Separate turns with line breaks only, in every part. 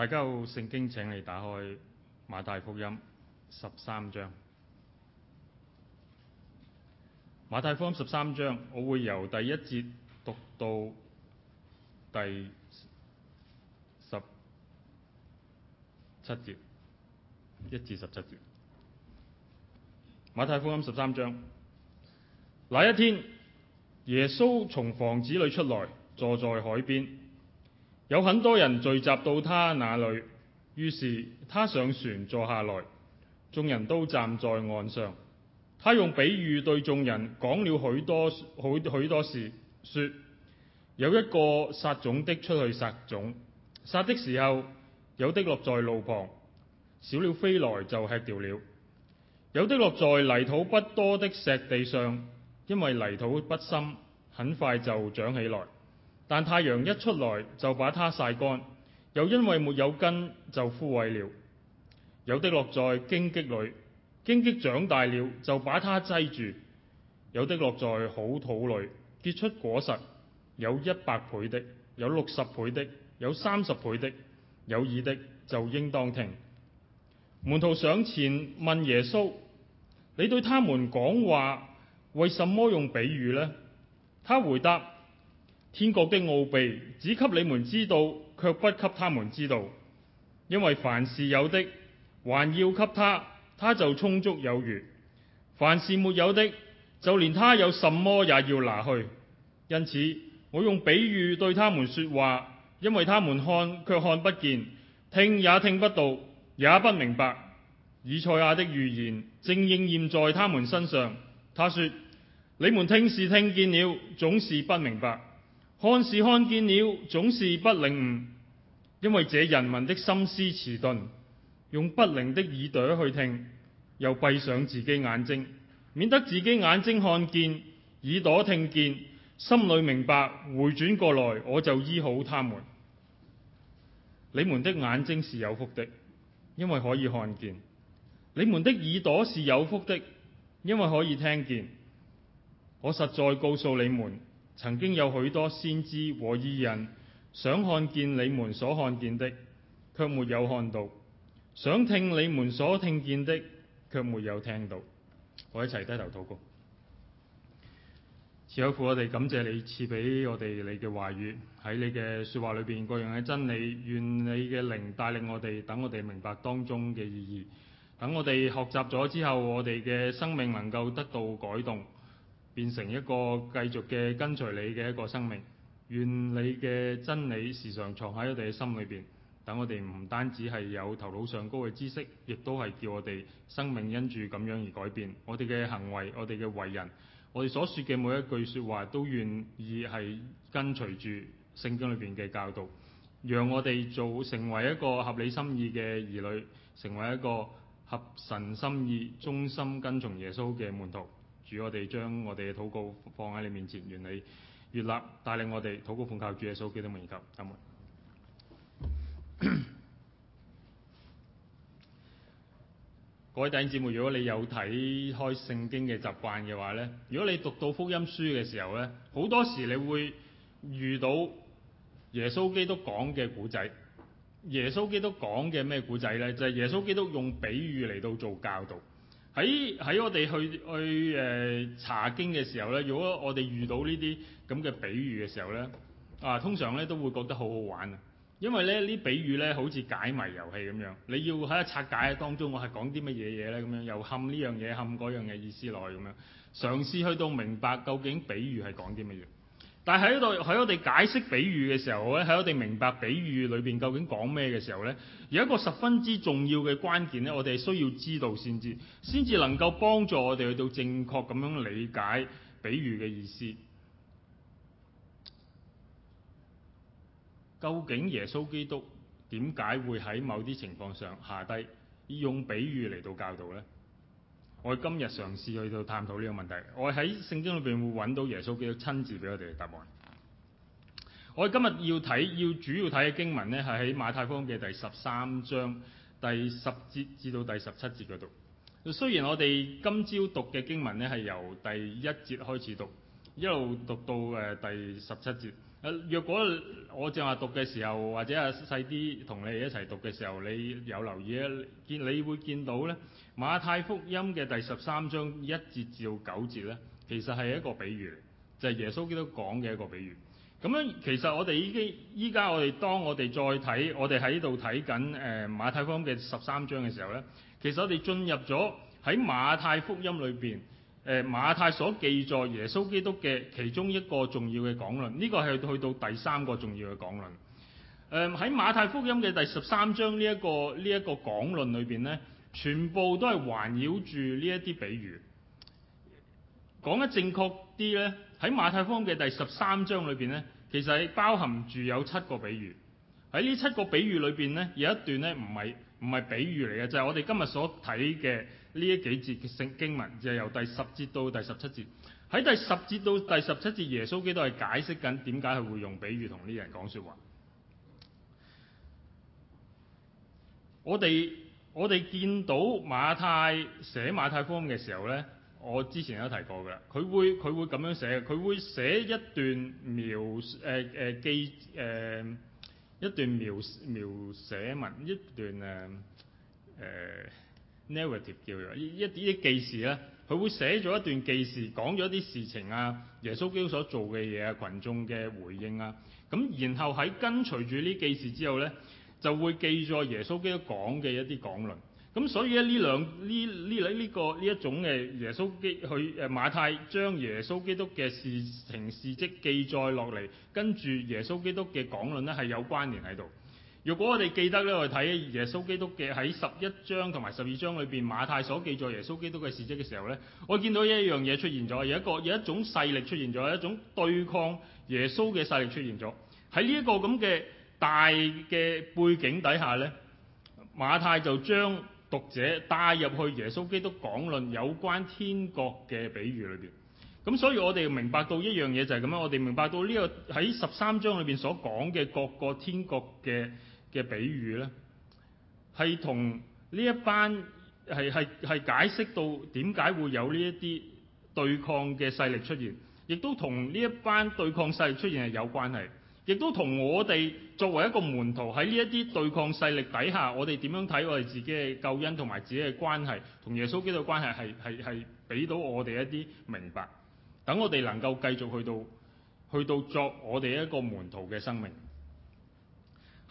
大家好，聖經，請你打開馬太福音十三章。馬太福音十三章，我會由第一節讀到第十七節，一至十七節。馬太福音十三章，那一天，耶穌從房子裏出來，坐在海邊。有很多人聚集到他那裏，於是他上船坐下來，眾人都站在岸上。他用比喻對眾人講了許多許許多事，說：有一個撒種的出去撒種，撒的時候，有的落在路旁，小鳥飛來就吃掉了；有的落在泥土不多的石地上，因為泥土不深，很快就長起來。但太陽一出來就把它曬乾，又因為沒有根就枯萎了；有的落在荊棘裏，荊棘長大了就把它擠住；有的落在好土裏，結出果實。有一百倍的，有六十倍的，有三十倍的，有耳的就應當聽。門徒上前問耶穌：你對他們講話為什麼用比喻呢？」他回答。天國的奧秘只給你們知道，卻不給他們知道，因為凡是有的還要給他，他就充足有餘；凡事沒有的，就連他有什麼也要拿去。因此我用比喻對他們説話，因為他們看卻看不見，聽也聽不到，也不明白。以賽亞的預言正應驗在他們身上。他說，你們聽是聽見了，總是不明白。看是看見了，總是不領悟，因為這人民的心思遲鈍，用不靈的耳朵去聽，又閉上自己眼睛，免得自己眼睛看見，耳朵聽見，心裏明白，回轉過來，我就醫好他們。你們的眼睛是有福的，因為可以看見；你們的耳朵是有福的，因為可以聽見。我實在告訴你們。曾經有許多先知和義人想看見你們所看見的，卻沒有看到；想聽你們所聽見的，卻沒有聽到。我一齊低頭禱告。主耶穌，我哋感謝你賜俾我哋你嘅話語，喺你嘅說話裏邊各樣嘅真理，願你嘅靈帶領我哋，等我哋明白當中嘅意義，等我哋學習咗之後，我哋嘅生命能夠得到改動。變成一個繼續嘅跟隨你嘅一個生命，願你嘅真理時常藏喺我哋嘅心裏邊。等我哋唔單止係有頭腦上高嘅知識，亦都係叫我哋生命因住咁樣而改變。我哋嘅行為，我哋嘅為人，我哋所説嘅每一句説話，都願意係跟隨住聖經裏邊嘅教導，讓我哋做成為一個合你心意嘅兒女，成為一個合神心意、忠心跟從耶穌嘅門徒。主，我哋將我哋嘅禱告放喺你面前，願你悅納帶領我哋禱告，奉靠主耶穌基督名，祈求，阿們， 各位弟兄姊妹，如果你有睇開聖經嘅習慣嘅話咧，如果你讀到福音書嘅時候咧，好多時你會遇到耶穌基督講嘅古仔。耶穌基督講嘅咩古仔咧？就係、是、耶穌基督用比喻嚟到做教導。喺喺我哋去去誒、呃、查經嘅時候咧，如果我哋遇到呢啲咁嘅比喻嘅時候咧，啊通常咧都會覺得好好玩啊，因為咧呢比喻咧好似解謎遊戲咁樣，你要喺一拆解當中，我係講啲乜嘢嘢咧咁樣，又冚呢樣嘢冚嗰樣嘅意思落去咁樣，嘗試去到明白究竟比喻係講啲乜嘢。但喺度喺我哋解釋比喻嘅時候咧，喺我哋明白比喻裏邊究竟講咩嘅時候咧，有一個十分之重要嘅關鍵咧，我哋需要知道先至，先至能夠幫助我哋去到正確咁樣理解比喻嘅意思。究竟耶穌基督點解會喺某啲情況上下低以用比喻嚟到教導咧？我今日嘗試去到探討呢個問題，我喺聖經裏邊會揾到耶穌基督親自俾我哋嘅答案。我哋今日要睇，要主要睇嘅經文呢，係喺馬太福音嘅第十三章第十節至到第十七節嗰度。雖然我哋今朝讀嘅經文呢，係由第一節開始讀，一路讀到誒、呃、第十七節。若果我正話讀嘅時候，或者啊細啲同你一齊讀嘅時候，你有留意咧？見你會見到咧，馬太福音嘅第十三章一節至到九節咧，其實係一個比喻，就係、是、耶穌基督講嘅一個比喻。咁、嗯、樣其實我哋已經依家我哋當我哋再睇我哋喺度睇緊誒馬太福音嘅十三章嘅時候咧，其實我哋進入咗喺馬太福音裏邊。誒馬太所記載耶穌基督嘅其中一個重要嘅講論，呢、這個係去到第三個重要嘅講論。誒、呃、喺馬太福音嘅第十三章、這個這個、呢一個呢一個講論裏邊呢，全部都係環繞住呢一啲比喻。講得正確啲呢，喺馬太福音嘅第十三章裏邊呢，其實係包含住有七個比喻。喺呢七個比喻裏邊呢，有一段呢唔係唔係比喻嚟嘅，就係、是、我哋今日所睇嘅。呢一幾節聖經文就係、由第十節到第十七節，喺第十節到第十七節，耶穌基督係解釋緊點解佢會用比喻同啲人講說話。我哋我哋見到馬太寫馬太福音嘅時候咧，我之前有提過嘅，佢會佢會咁樣寫，佢會寫一段描誒誒、呃、記誒、呃、一段描描寫文一段誒誒。呃呃 Narrative 叫做一啲啲記事咧，佢會寫咗一段記事，講咗啲事情啊，耶穌基督所做嘅嘢啊，羣眾嘅回應啊，咁然後喺跟隨住呢記事之後咧，就會記載耶穌基督講嘅一啲講論。咁所以咧呢兩呢呢呢個呢一種嘅耶穌基督去誒馬太將耶穌基督嘅事情事蹟記載落嚟，跟住耶穌基督嘅講論咧係有關聯喺度。如果我哋記得咧，我哋睇耶穌基督嘅喺十一章同埋十二章裏邊，馬太所記載耶穌基督嘅事蹟嘅時候咧，我見到一樣嘢出現咗，有一個有一種勢力出現咗，有一種對抗耶穌嘅勢力出現咗。喺呢一個咁嘅大嘅背景底下咧，馬太就將讀者帶入去耶穌基督講論有關天國嘅比喻裏邊。咁所以我哋明白到一樣嘢就係咁樣，我哋明白到呢個喺十三章裏邊所講嘅各個天國嘅嘅比喻咧，係同呢一班係係係解釋到點解會有呢一啲對抗嘅勢力出現，亦都同呢一班對抗勢力出現係有關係，亦都同我哋作為一個門徒，喺呢一啲對抗勢力底下，我哋點樣睇我哋自己嘅救恩同埋自己嘅關係同耶穌基督嘅關係係係係俾到我哋一啲明白，等我哋能夠繼續去到去到作我哋一個門徒嘅生命。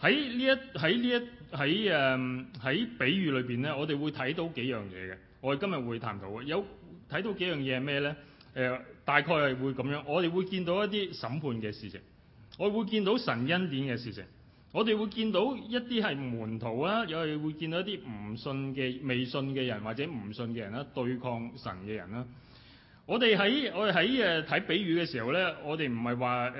喺呢一喺呢一喺誒喺比喻裏邊咧，我哋會睇到幾樣嘢嘅。我哋今日會談到有睇到幾樣嘢係咩咧？誒、呃，大概係會咁樣。我哋會見到一啲審判嘅事情，我哋會見到神恩典嘅事情，我哋會見到一啲係門徒啦，又係會見到一啲唔信嘅未信嘅人或者唔信嘅人啦，對抗神嘅人啦。我哋喺我哋喺誒睇比喻嘅時候咧，我哋唔係話誒，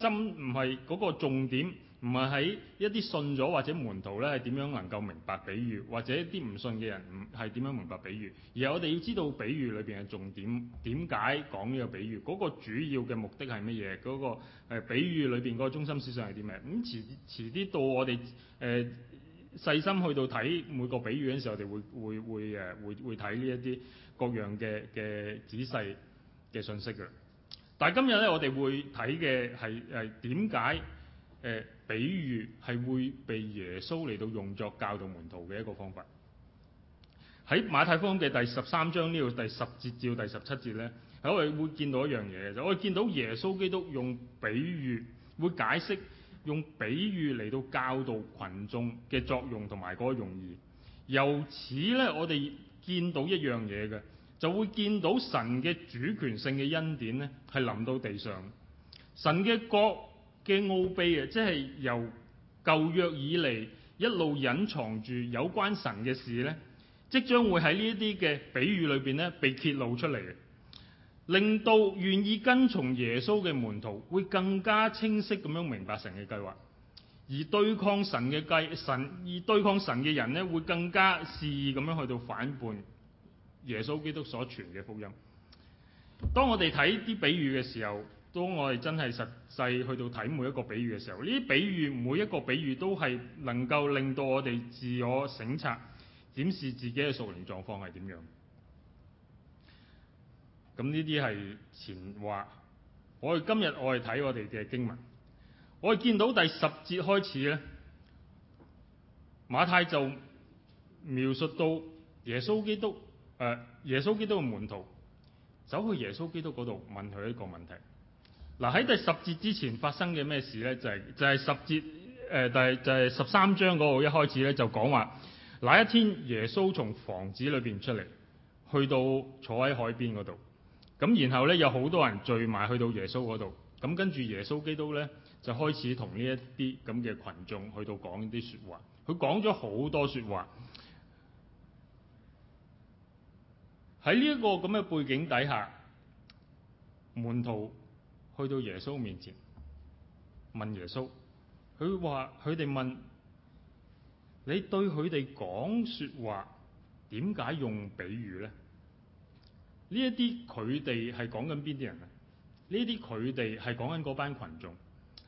真唔係嗰個重點。唔係喺一啲信咗或者門徒咧，係點樣能夠明白比喻，或者一啲唔信嘅人唔係點樣明白比喻。而係我哋要知道比喻裏邊嘅重點，點解講呢個比喻？嗰、嗰個主要嘅目的係乜嘢？嗰、嗰個、呃、比喻裏邊嗰個中心思想係點咩？咁、嗯、遲遲啲到我哋誒、呃、細心去到睇每個比喻嘅時候，我哋會會會誒、呃、會會睇呢一啲各樣嘅嘅仔細嘅信息㗎。但係今日咧，我哋會睇嘅係係點解？比喻係會被耶穌嚟到用作教導門徒嘅一個方法，喺馬太福音嘅第十三章呢度第十節至第十七節呢，係我哋會見到一樣嘢嘅，我哋見到耶穌基督用比喻會解釋，用比喻嚟到教導群眾嘅作用同埋嗰個用意。由此呢，我哋見到一樣嘢嘅，就會見到神嘅主權性嘅恩典呢係臨到地上，神嘅國。嘅奧秘啊，即係由舊約以嚟一路隱藏住有關神嘅事呢，即將會喺呢一啲嘅比喻裏邊呢被揭露出嚟嘅，令到願意跟從耶穌嘅門徒會更加清晰咁樣明白神嘅計劃，而對抗神嘅計神而對抗神嘅人咧會更加肆意咁樣去到反叛耶穌基督所傳嘅福音。當我哋睇啲比喻嘅時候，當我哋真係實際去到睇每一個比喻嘅時候，呢啲比喻每一個比喻都係能夠令到我哋自我省察，檢視自己嘅屬靈狀況係點樣。咁呢啲係前話。我哋今日我哋睇我哋嘅經文，我哋見到第十節開始咧，馬太就描述到耶穌基督誒、呃，耶穌基督嘅門徒走去耶穌基督嗰度問佢一個問題。嗱，喺第十節之前發生嘅咩事咧？就係、是、就係、是、十節誒第、呃、就係、是、十三章嗰度一開始咧就講話，那一天耶穌從房子裏邊出嚟，去到坐喺海邊嗰度，咁然後咧有好多人聚埋去到耶穌嗰度，咁跟住耶穌基督咧就開始同呢一啲咁嘅群眾去到講呢啲説話，佢講咗好多説話，喺呢一個咁嘅背景底下，門徒。去到耶穌面前問耶穌，佢話佢哋問你對佢哋講説話點解用比喻咧？呢一啲佢哋係講緊邊啲人啊？呢啲佢哋係講緊嗰班群眾。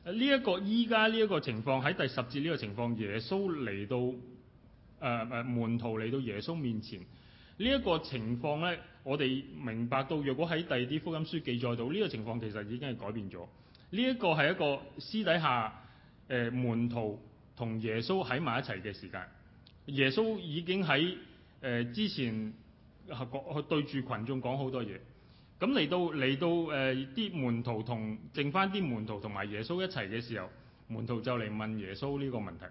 呢、這、一個依家呢一個情況喺第十節呢個情況，耶穌嚟到誒誒、呃、門徒嚟到耶穌面前，呢、這、一個情況咧。我哋明白到，若果喺第二啲福音書記載到呢、這個情況其實已經係改變咗。呢一個係一個私底下誒、呃、門徒同耶穌喺埋一齊嘅時間，耶穌已經喺誒、呃、之前係講對住群眾講好多嘢。咁嚟到嚟到誒啲、呃、門徒同剩翻啲門徒同埋耶穌一齊嘅時候，門徒就嚟問耶穌呢個問題，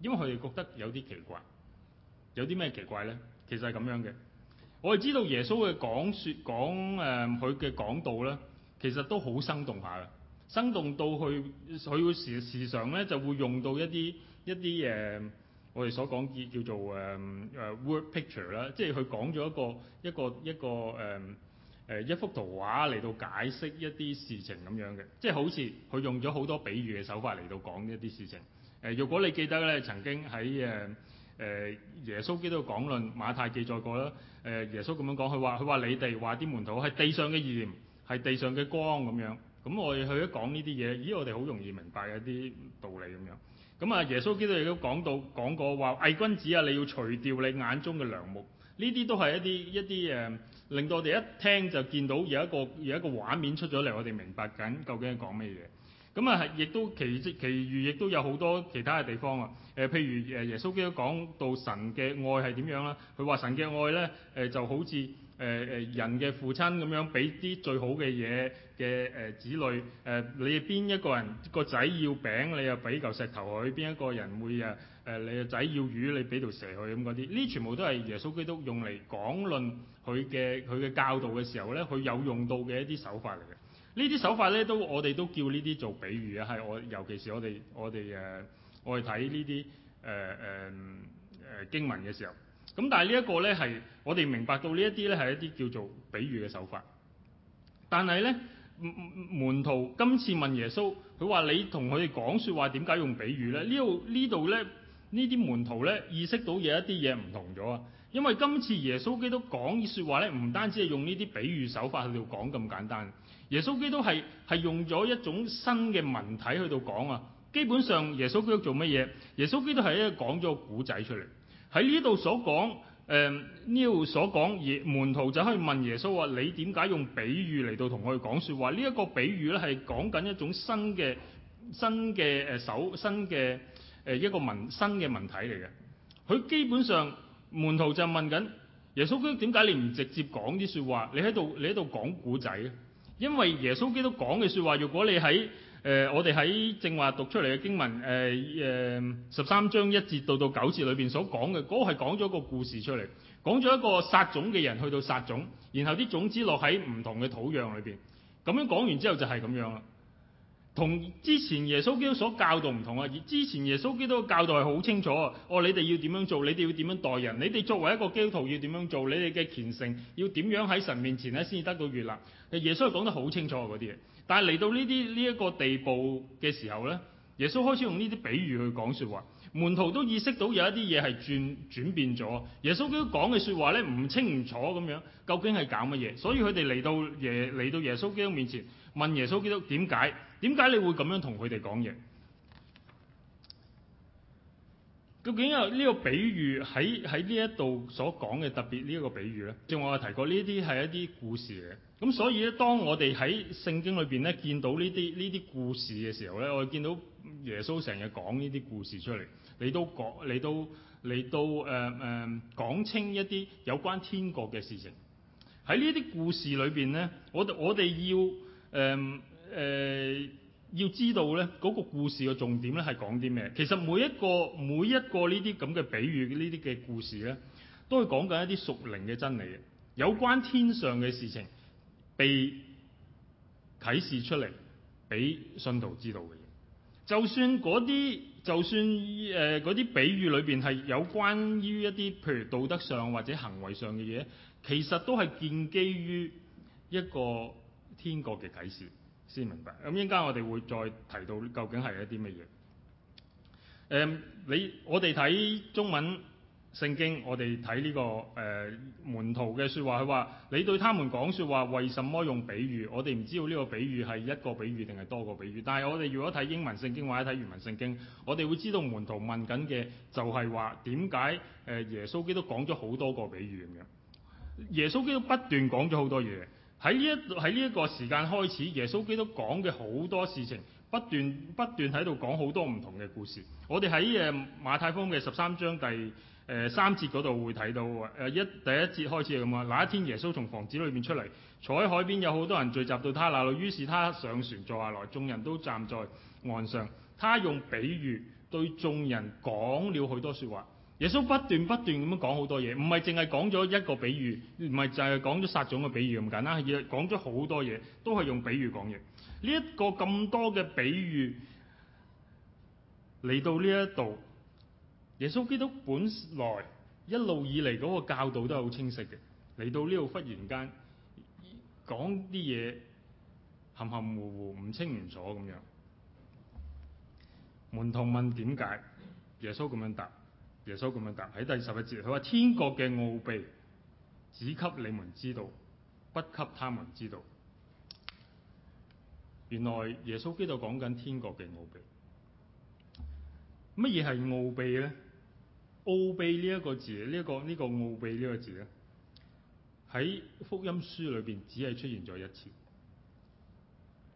因為佢哋覺得有啲奇怪。有啲咩奇怪咧？其實係咁樣嘅。我哋知道耶穌嘅講説講誒佢嘅講道咧，其實都好生動下嘅，生動到去佢會時時常咧就會用到一啲一啲誒、呃、我哋所講叫做誒誒、呃、word picture 啦，即係佢講咗一個一個一個誒誒、呃、一幅圖畫嚟到解釋一啲事情咁樣嘅，即係好似佢用咗好多比喻嘅手法嚟到講一啲事情。誒、呃，如果你記得咧，曾經喺誒，呃誒耶穌基督講論馬太記載過啦。誒耶穌咁樣講，佢話佢話你哋話啲門徒係地上嘅鹽，係地上嘅光咁樣。咁我哋去一講呢啲嘢，咦？我哋好容易明白一啲道理咁樣。咁啊，耶穌基督亦都講到講過話，偽君子啊，你要除掉你眼中嘅梁木。」呢啲都係一啲一啲誒，令到我哋一聽就見到有一個有一個畫面出咗嚟，我哋明白緊究竟係講咩嘢。咁啊，係亦都其其餘亦都有好多其他嘅地方啊。誒，譬如耶耶穌基督講到神嘅愛係點樣啦？佢話神嘅愛咧，誒就好似誒誒人嘅父親咁樣，俾啲最好嘅嘢嘅誒子女。誒，你邊一個人個仔要餅，你又俾嚿石頭佢；邊一個人會啊誒，你嘅仔要魚，你俾條蛇佢咁嗰啲。呢全部都係耶穌基督用嚟講論佢嘅佢嘅教導嘅時候咧，佢有用到嘅一啲手法嚟嘅。呢啲手法咧，都我哋都叫呢啲做比喻啊，係我尤其是我哋我哋誒，我哋睇呢啲誒誒誒經文嘅時候，咁但係呢一個咧係我哋明白到呢一啲咧係一啲叫做比喻嘅手法，但係咧門徒今次問耶穌，佢話你同佢哋講說話，點解用比喻咧？呢度呢度咧呢啲門徒咧意識到有一啲嘢唔同咗啊！因為今次耶穌基督講嘅説話咧，唔單止係用呢啲比喻手法去到講咁簡單。耶穌基督係係用咗一種新嘅文體去度講啊。基本上，耶穌基督做乜嘢？耶穌基督係咧講咗個古仔出嚟喺呢度所講。誒呢度所講，耶門徒就可以問耶穌話：你點解用比喻嚟到同我哋講説話？呢、這、一個比喻咧係講緊一種新嘅新嘅誒手新嘅誒、呃、一個文新嘅文體嚟嘅。佢基本上。門徒就問緊耶穌基督：點解你唔直接講啲說話？你喺度你喺度講古仔啊？因為耶穌基督講嘅說話，如果你喺誒、呃，我哋喺正話讀出嚟嘅經文誒誒十三章一節到到九節裏邊所講嘅，嗰個係講咗一個故事出嚟，講咗一個撒種嘅人去到撒種，然後啲種子落喺唔同嘅土壤裏邊，咁樣講完之後就係咁樣啦。同之前耶穌基督所教導唔同啊！之前耶穌基督嘅教導係好清楚，啊，哦，你哋要點樣做，你哋要點樣待人，你哋作為一個基督徒要點樣做，你哋嘅虔誠要點樣喺神面前咧先至得到悅納。耶穌講得好清楚嗰啲嘢，但係嚟到呢啲呢一個地步嘅時候咧，耶穌開始用呢啲比喻去講説話，門徒都意識到有一啲嘢係轉轉變咗。耶穌基督講嘅説話咧唔清唔楚咁樣，究竟係搞乜嘢？所以佢哋嚟到耶嚟到耶穌基督面前問耶穌基督點解？點解你會咁樣同佢哋講嘢？究竟，啊，呢個比喻喺喺呢一度所講嘅特別呢一個比喻咧？正如我提過，呢啲係一啲故事嚟嘅。咁所以咧，當我哋喺聖經裏邊咧見到呢啲呢啲故事嘅時候咧，我哋見到耶穌成日講呢啲故事出嚟，你都講你都你都誒誒講清一啲有關天國嘅事情。喺呢啲故事裏邊咧，我我哋要誒。呃誒、呃、要知道咧，嗰、嗰個故事嘅重點咧係講啲咩？其實每一個每一個呢啲咁嘅比喻，呢啲嘅故事咧，都係講緊一啲屬靈嘅真理，有關天上嘅事情被啟示出嚟俾信徒知道嘅嘢。就算嗰啲，就算誒嗰啲比喻裏邊係有關於一啲譬如道德上或者行為上嘅嘢，其實都係建基於一個天國嘅啟示。先明白。咁應該我哋會再提到究竟係一啲乜嘢？誒、嗯，你我哋睇中文聖經，我哋睇呢個誒、呃、門徒嘅說話，佢話你對他們講說話，為什麼用比喻？我哋唔知道呢個比喻係一個比喻定係多個比喻。但係我哋如果睇英文聖經或者睇原文聖經，我哋會知道門徒問緊嘅就係話：「點解誒耶穌基督講咗好多個比喻咁樣？」耶穌基督不斷講咗好多嘢。喺呢一喺呢一個時間開始，耶穌基督講嘅好多事情，不斷不斷喺度講好多唔同嘅故事。我哋喺誒馬太福音嘅十三章第誒、呃、三節嗰度會睇到喎。一、呃、第一節開始係咁啊，那一天耶穌從房子裏面出嚟，坐喺海邊有好多人聚集到他那度，於是他上船坐下來，眾人都站在岸上，他用比喻對眾人講了許多説話。耶穌不斷不斷咁樣講好多嘢，唔係淨係講咗一個比喻，唔係淨係講咗撒種嘅比喻咁簡單，係講咗好多嘢，都係用比喻講嘢。呢一個咁多嘅比喻嚟到呢一度，耶穌基督本來一路以嚟嗰個教導都係好清晰嘅，嚟到呢度忽然間講啲嘢含含糊糊，唔清唔楚咁樣，門徒問點解，耶穌咁樣答。耶穌咁樣答，喺第十一節，佢話天國嘅奧秘只給你們知道，不給他們知道。原來耶穌基督講緊天國嘅奧秘。乜嘢係奧秘咧？奧秘呢一個字，呢一個呢個奧秘呢個字咧，喺福音書裏邊只係出現咗一次，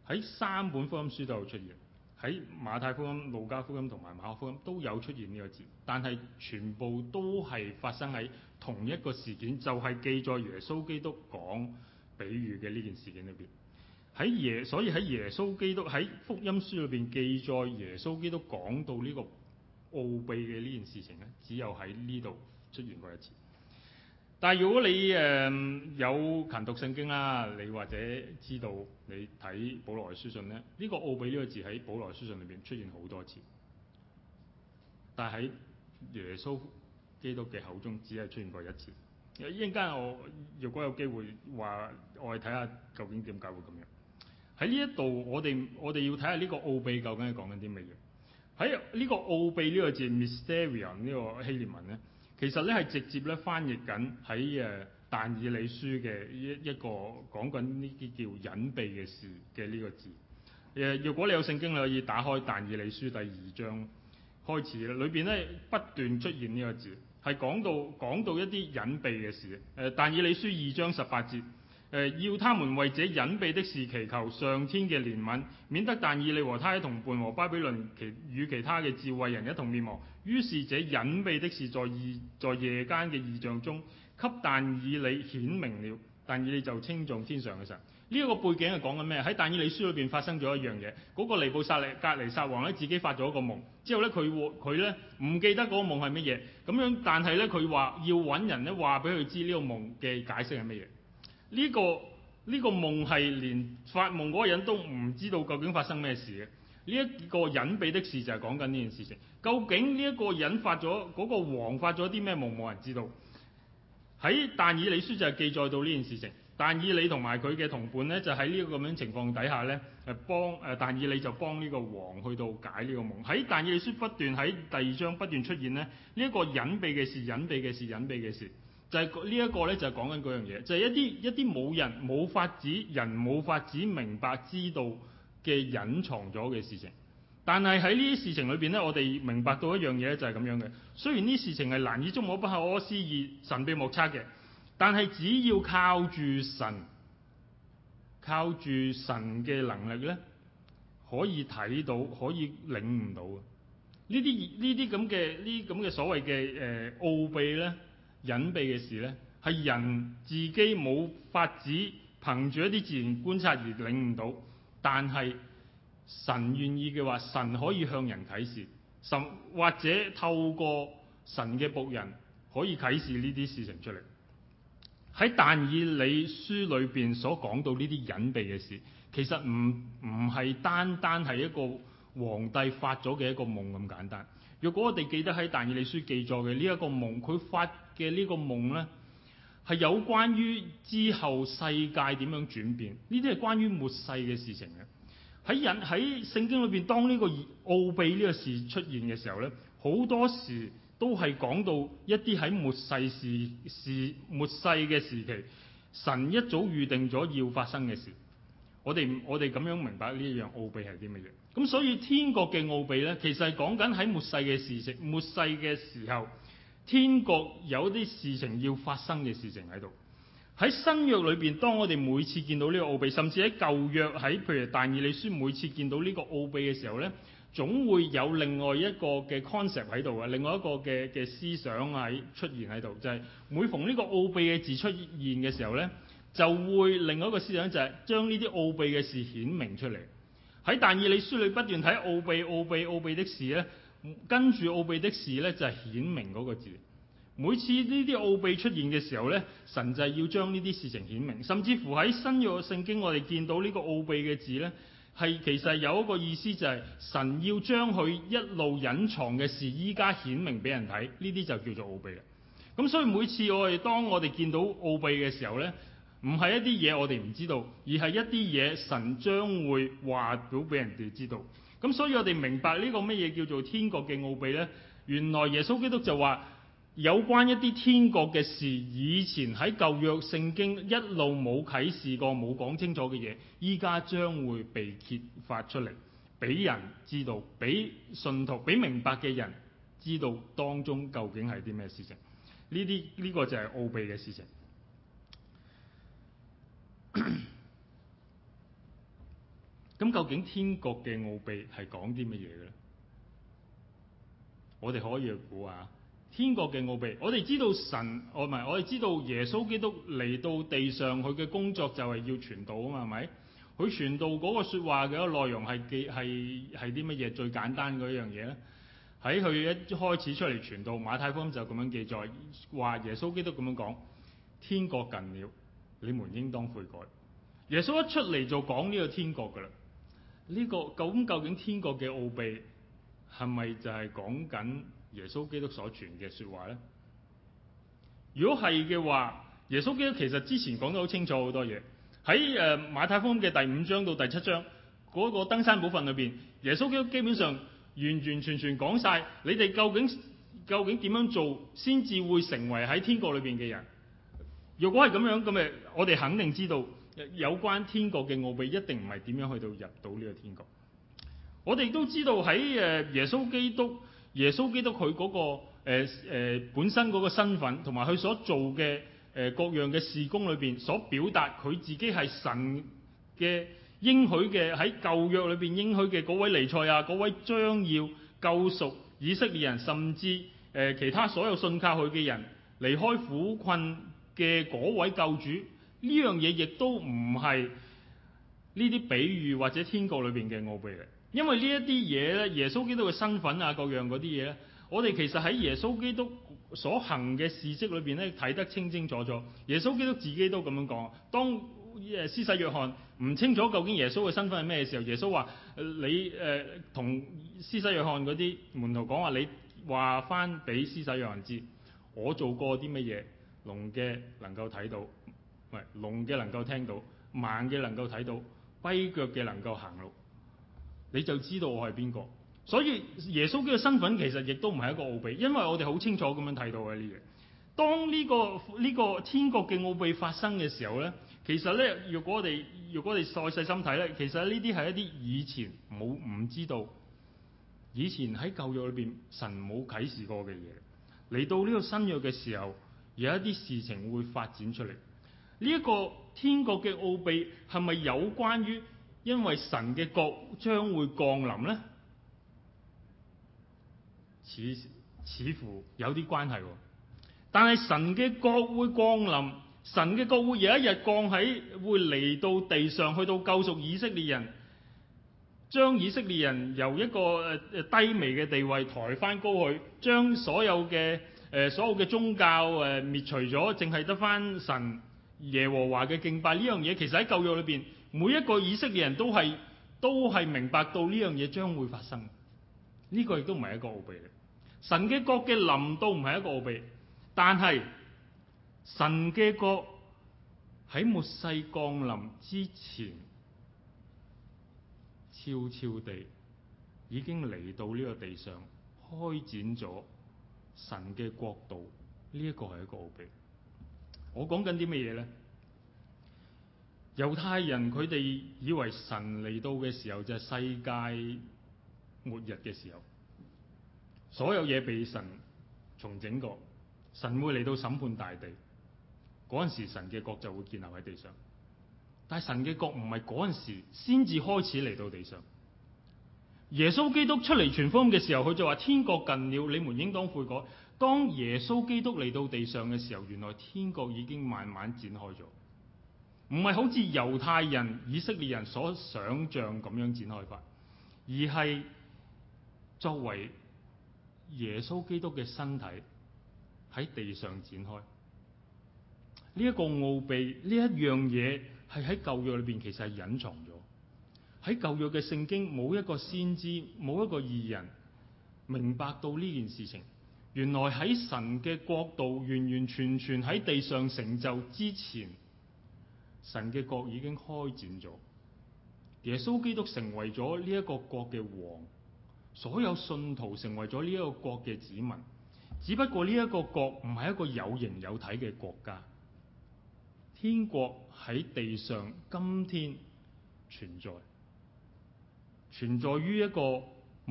喺三本福音書都有出現。喺馬太福音、路加福音同埋馬可福音都有出現呢個字，但係全部都係發生喺同一個事件，就係記載耶穌基督講比喻嘅呢件事件裏邊。喺耶，所以喺耶穌基督喺福音書裏邊記載耶穌基督講到呢個奧秘嘅呢件事情咧，只有喺呢度出現過一次。但係如果你誒、嗯、有勤讀聖經啦，你或者知道你睇保羅書信咧，呢、呢個奧秘呢個字喺保羅書信裏邊出現好多次，但係喺耶穌基督嘅口中只係出現過一次。一陣間我如果有機會話我哋睇下究竟點解會咁樣。喺呢一度我哋我哋要睇下呢個奧秘究竟係講緊啲乜嘢。喺呢個奧秘呢個字 mysterion 呢個希臘文咧，其實咧係直接咧翻譯緊喺，誒，但以理書嘅一一個講緊呢啲叫隱秘嘅事嘅呢個字誒。如果你有聖經，你可以打開但以理書第二章開始啦，裏邊咧不斷出現呢個字，係講到，講到一啲隱秘嘅事誒，但以理書二章十八節。誒要他們為這隱秘的事祈求上天嘅憐憫，免得但以利和他同伴和巴比倫其與其他嘅智慧人一同滅亡。於是這隱秘的事在意在夜間嘅異象中，給但以利顯明了。但以利就稱頌天上嘅神。呢、這、一個背景係講緊咩？喺但以利書裏邊發生咗一樣嘢，嗰、那個尼布撒利隔離撒王咧自己發咗一個夢，之後咧佢和佢咧唔記得嗰個夢係乜嘢咁樣，但係咧佢話要揾人咧話俾佢知呢個夢嘅解釋係乜嘢。呢、個呢個夢係連發夢嗰人都唔知道究竟發生咩事嘅。呢、一個隱秘的事就係講緊呢件事情。究竟呢一個引發咗嗰個王發咗啲咩夢，冇人知道。喺但以理書就係記載到呢件事情。但以理同埋佢嘅同伴咧，就喺呢個咁樣情況底下咧，係幫誒但以理就幫呢個王去到解呢個夢。喺但以理書不斷喺第二章不斷出現咧，呢、一個隱秘嘅事、隱秘嘅事、隱秘嘅事。就係呢一個咧，就係講緊嗰樣嘢，就係一啲一啲冇人冇法子，人冇法子明白知道嘅隱藏咗嘅事情。但係喺呢啲事情裏邊咧，我哋明白到一樣嘢就係咁樣嘅。雖然呢事情係難以捉摸、不可思議、神秘莫測嘅，但係只要靠住神，靠住神嘅能力咧，可以睇到，可以領悟到嘅。呢啲呢啲咁嘅呢咁嘅所謂嘅誒、呃、奧秘咧。隱秘嘅事呢，係人自己冇法子憑住一啲自然觀察而領悟到，但係神願意嘅話，神可以向人啟示，神或者透過神嘅僕人可以啟示呢啲事情出嚟。喺但以理書裏邊所講到呢啲隱秘嘅事，其實唔唔係單單係一個皇帝發咗嘅一個夢咁簡單。若果我哋記得喺但以理書記載嘅呢一個夢，佢發嘅呢個夢呢，係有關於之後世界點樣轉變。呢啲係關於末世嘅事情嘅，喺人喺聖經裏邊，當呢個奧秘呢個事出現嘅時候咧，好多時都係講到一啲喺末世時時末世嘅時期，神一早預定咗要發生嘅事。我哋我哋咁樣明白呢一樣奧秘係啲乜嘢？咁所以天國嘅奧秘呢，其實係講緊喺末世嘅事情，末世嘅時候，天國有啲事情要發生嘅事情喺度。喺新約裏邊，當我哋每次見到呢個奧秘，甚至喺舊約喺譬如但以理書每次見到呢個奧秘嘅時候呢，總會有另外一個嘅 concept 喺度啊，另外一個嘅嘅思想喺出現喺度，就係每逢呢個奧秘嘅字出現嘅時候呢。就會另外一個思想就係將呢啲奧秘嘅事顯明出嚟。喺但以理書裏不斷睇奧秘、奧秘、奧秘的事咧，跟住奧秘的事咧就係顯明嗰個字。每次呢啲奧秘出現嘅時候咧，神就係要將呢啲事情顯明。甚至乎喺新約聖經，我哋見到呢個奧秘嘅字咧，係其實有一個意思就係神要將佢一路隱藏嘅事，依家顯明俾人睇。呢啲就叫做奧秘啦。咁所以每次我哋當我哋見到奧秘嘅時候咧，唔係一啲嘢我哋唔知道，而係一啲嘢神將會話到俾人哋知道。咁所以我哋明白呢個乜嘢叫做天國嘅奧秘咧？原來耶穌基督就話有關一啲天國嘅事，以前喺舊約聖經一路冇啟示過冇講清楚嘅嘢，依家將會被揭發出嚟，俾人知道，俾信徒、俾明白嘅人知道當中究竟係啲咩事情。呢啲呢個就係奧秘嘅事情。咁咳咳究竟天國嘅奧秘係講啲乜嘢嘅咧？我哋可以估下天國嘅奧秘。我哋知道神，我唔係我哋知道耶穌基督嚟到地上，佢嘅工作就係要傳道啊嘛，係咪？佢傳道嗰個說話嘅內容係記係係啲乜嘢最簡單嘅一樣嘢咧？喺佢一開始出嚟傳道，馬太福音就咁樣記載，話耶穌基督咁樣講，天國近了。你們應當悔改。耶穌一出嚟就講呢個天國噶啦，呢、這個咁究，究竟天國嘅奧秘係咪就係講緊耶穌基督所傳嘅說話咧？如果係嘅話，耶穌基督其實之前講得好清楚好多嘢，喺誒、呃、馬太福音嘅第五章到第七章嗰，那個登山寶訓裏邊，耶穌基督基本上完完全全講晒你哋究竟究竟點樣做，先至會成為喺天國裏邊嘅人。如果係咁樣，咁誒，我哋肯定知道有關天國嘅奧秘，一定唔係點樣去到入到呢個天國。我哋都知道喺誒耶穌基督、耶穌基督佢嗰、嗰個誒、呃呃、本身嗰個身份，同埋佢所做嘅誒各樣嘅事工裏邊，所表達佢自己係神嘅應許嘅喺舊約裏邊應許嘅嗰位彌賽亞，嗰位將要救贖以色列人，甚至誒、呃、其他所有信靠佢嘅人離開苦困嘅嗰位救主呢樣嘢亦都唔係呢啲比喻或者天國裏邊嘅奧秘嚟，因為呢一啲嘢咧，耶穌基督嘅身份啊，各樣嗰啲嘢咧，我哋其實喺耶穌基督所行嘅事蹟裏邊咧睇得清清楚楚。耶穌基督自己都咁樣講，當誒施洗約翰唔清楚究竟耶穌嘅身份係咩時候，耶穌話：你誒同施洗約翰嗰啲門徒講話，你話翻俾施洗約翰知，我做過啲乜嘢。聾嘅能夠睇到，唔係聾嘅能夠聽到，盲嘅能夠睇到，跛腳嘅能夠行路，你就知道我係邊個。所以耶穌嘅身份其實亦都唔係一個奧秘，因為我哋好清楚咁樣睇到嘅呢啲嘢。當呢個呢個天國嘅奧秘發生嘅時候咧，其實咧，若果我哋若果我哋再細心睇咧，其實呢啲係一啲以前冇唔知道，以前喺舊約裏邊神冇啟示過嘅嘢，嚟到呢個新約嘅時候。有一啲事情會發展出嚟，呢、這、一個天國嘅奧秘係咪有關於因為神嘅國將會降臨呢？似似乎有啲關係喎、哦。但係神嘅國會降臨，神嘅國會有一日降喺，會嚟到地上，去到救贖以色列人，將以色列人由一個誒誒低微嘅地位抬翻高去，將所有嘅。誒、呃，所有嘅宗教誒滅、呃、除咗，淨係得翻神耶和華嘅敬拜呢樣嘢，其實喺舊約裏邊，每一個以色列人都係都係明白到呢樣嘢將會發生。呢、呢個亦都唔係一個奧秘嚟，神嘅國嘅臨都唔係一個奧秘，但係神嘅國喺末世降臨之前，悄悄地已經嚟到呢個地上，開展咗。神嘅國度呢一個係一個奧秘。我講緊啲咩嘢咧？猶太人佢哋以為神嚟到嘅時候就係、是、世界末日嘅時候，所有嘢被神重整過，神會嚟到審判大地，陣時神嘅國就會建立喺地上。但係神嘅國唔係陣時先至開始嚟到地上。耶穌基督出嚟傳福音嘅時候，佢就話天國近了，你們應當悔改。當耶穌基督嚟到地上嘅時候，原來天國已經慢慢展開咗，唔係好似猶太人、以色列人所想象咁樣展開法，而係作為耶穌基督嘅身體喺地上展開。呢一個奧秘，呢一樣嘢係喺舊約裏邊其實係隱藏咗。喺舊約嘅聖經，冇一個先知，冇一個義人明白到呢件事情。原來喺神嘅國度，完完全全喺地上成就之前，神嘅國已經開展咗。耶穌基督成為咗呢一個國嘅王，所有信徒成為咗呢一個國嘅子民。只不過呢一個國唔係一個有形有體嘅國家，天國喺地上今天存在，存在於一個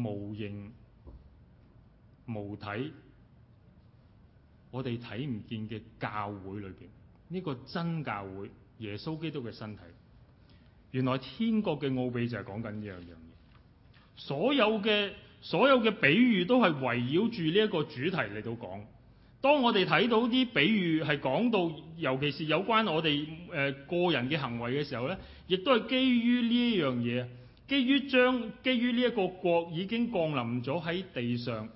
無形、無體，我哋睇唔見嘅教會裏邊。呢個真教會、耶穌基督嘅身體，原來天國嘅奧秘就係講緊呢樣樣嘢。所有嘅所有嘅比喻都係圍繞住呢一個主題嚟到講。當我哋睇到啲比喻係講到，尤其是有關我哋誒個人嘅行為嘅時候咧，亦都係基於呢樣嘢。基於將，基於呢一個國已經降臨咗喺地上，